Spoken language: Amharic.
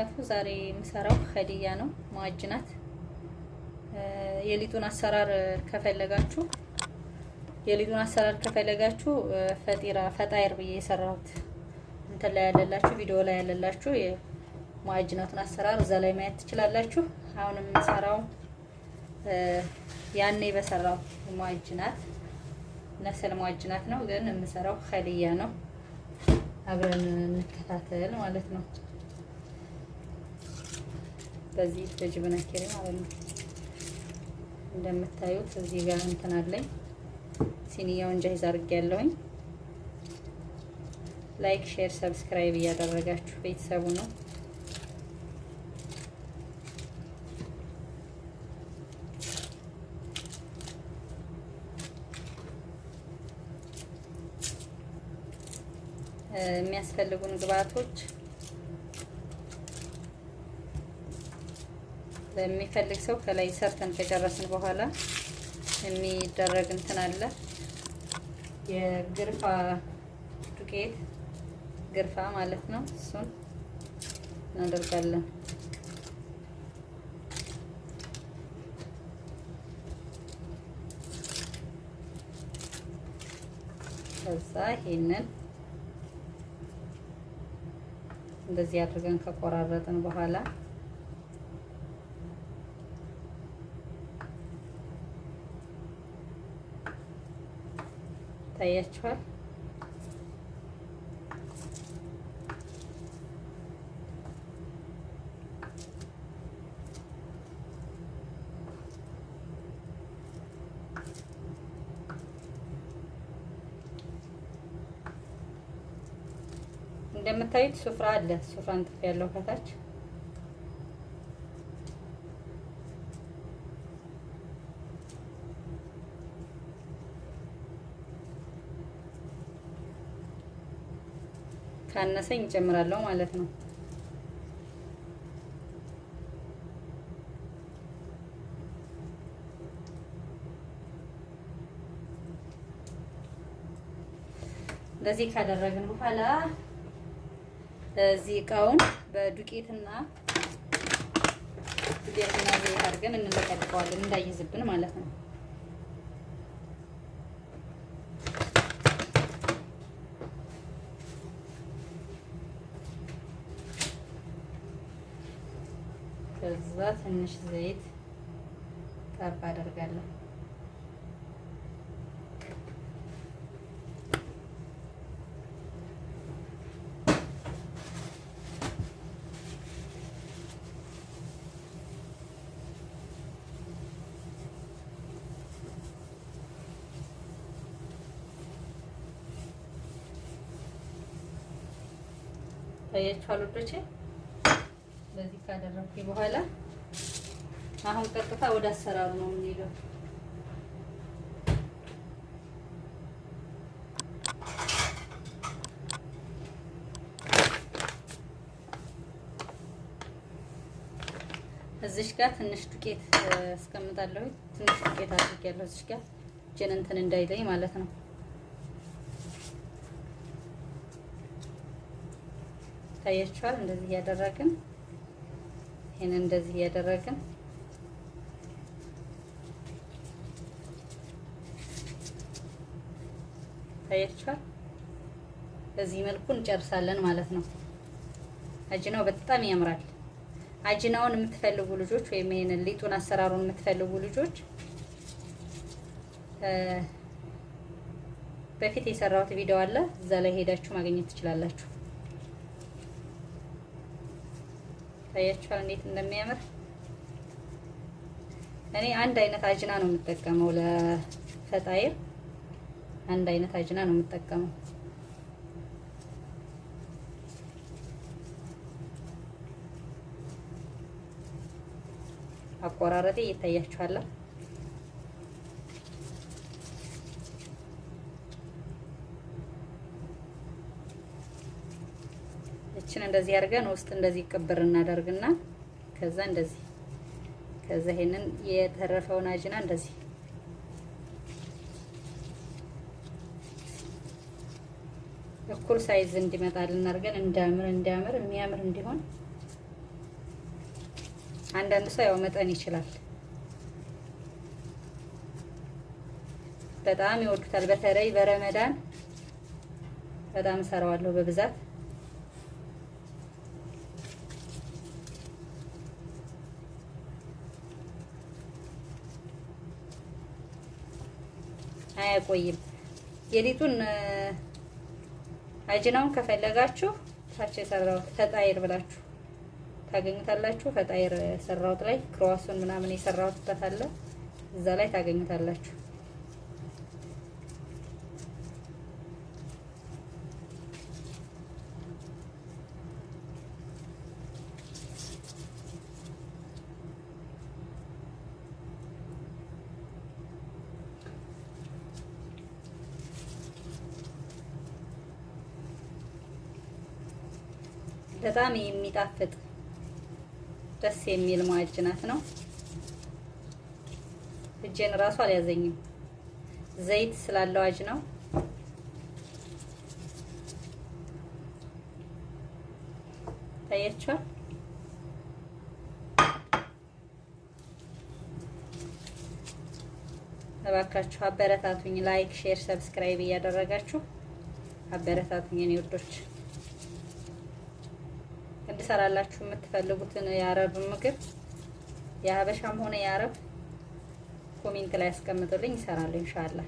በረካቱ። ዛሬ የምሰራው ኸድያ ነው፣ መዋጅናት። የሊጡን አሰራር ከፈለጋችሁ የሊጡን አሰራር ከፈለጋችሁ ፈጢራ ፈጣይር ብዬ የሰራሁት እንትን ላይ ያለላችሁ ቪዲዮ ላይ ያለላችሁ የመዋጅናቱን አሰራር እዛ ላይ ማየት ትችላላችሁ። አሁን የምሰራው ያኔ በሰራው መዋጅናት ነስል መዋጅናት ነው፣ ግን የምሰራው ኸድያ ነው። አብረን እንከታተል ማለት ነው። በዚህ በጅብና ኬሪ ማለት ነው። እንደምታዩት እዚህ ጋር እንትን አለኝ ሲኒያውን ጃይዝ ያለውኝ ላይክ፣ ሼር፣ ሰብስክራይብ እያደረጋችሁ ቤተሰቡ ነው የሚያስፈልጉን ግብዓቶች። የሚፈልግ ሰው ከላይ ሰርተን ከጨረስን በኋላ የሚደረግ እንትን አለ። የግርፋ ዱቄት ግርፋ ማለት ነው። እሱን እናደርጋለን። ከዛ ይሄንን እንደዚህ አድርገን ከቆራረጥን በኋላ ይታያችኋል። እንደምታዩት ሱፍራ አለ። ሱፍራን ጥፍ ያለው ከታች ካነሰኝ እጨምራለሁ ማለት ነው። እንደዚህ ካደረግን በኋላ እዚህ እቃውን በዱቄትና ዱቄትና ዘይት አድርገን እንለቀጥቀዋለን እንዳይዝብን ማለት ነው። ከዛ ትንሽ ዘይት ጠብ አደርጋለሁ። ታያችኋል ወዶቼ እንደዚህ ካደረኩ በኋላ አሁን ቀጥታ ወደ አሰራሩ ነው የምንሄደው። እዚሽ ጋር ትንሽ ዱቄት አስቀምጣለሁ። ትንሽ ዱቄት አድርጌያለሁ እዚሽ ጋር እጄን እንትን እንዳይለኝ ማለት ነው። ታያችኋል፣ እንደዚህ እያደረግን ይሄን እንደዚህ እያደረግን ታያችኋል። በዚህ መልኩ እንጨርሳለን ማለት ነው። አጅናው በጣም ያምራል። አጅናውን የምትፈልጉ ልጆች ወይም ይሄን ሊጡን አሰራሩን የምትፈልጉ ልጆች በፊት የሰራሁት ቪዲዮ አለ፣ እዛ ላይ ሄዳችሁ ማግኘት ትችላላችሁ። ታያችኋል እንዴት እንደሚያምር። እኔ አንድ አይነት አጅና ነው የምጠቀመው ለፈጣይር አንድ አይነት አጅና ነው የምጠቀመው። አቆራረጤ ይታያችኋል። ይችን እንደዚህ አድርገን ውስጥ እንደዚህ ቅብር እናደርግና ከዛ እንደዚህ ከዛ ይሄንን የተረፈውን አጅና እንደዚህ እኩል ሳይዝ እንዲመጣልን አድርገን እንዳምር እንዳምር የሚያምር እንዲሆን አንዳንድ ሰው ያው መጠን ይችላል። በጣም ይወዱታል። በተለይ በረመዳን በጣም ሰራዋለሁ በብዛት አያቆይም። የሊጡን አጅናውን ከፈለጋችሁ ታች የሰራው ፈጣይር ብላችሁ ታገኙታላችሁ። ፈጣይር ሰራውት ላይ ክሮዋሱን ምናምን የሰራውት አለ እዛ ላይ ታገኙታላችሁ። በጣም የሚጣፍጥ ደስ የሚል ማዕጅናት ነው። እጄን እራሱ አልያዘኝም። ዘይት ስላለው አጅ ነው። ታያችኋል። እባካችሁ አበረታቱኝ። ላይክ፣ ሼር፣ ሰብስክራይብ እያደረጋችሁ አበረታቱኝ የኔ ውዶች። ልሰራላችሁ የምትፈልጉትን የአረብ ምግብ የሀበሻም ሆነ የአረብ ኮሜንት ላይ አስቀምጡልኝ፣ ይሰራሉ ኢንሻአላህ።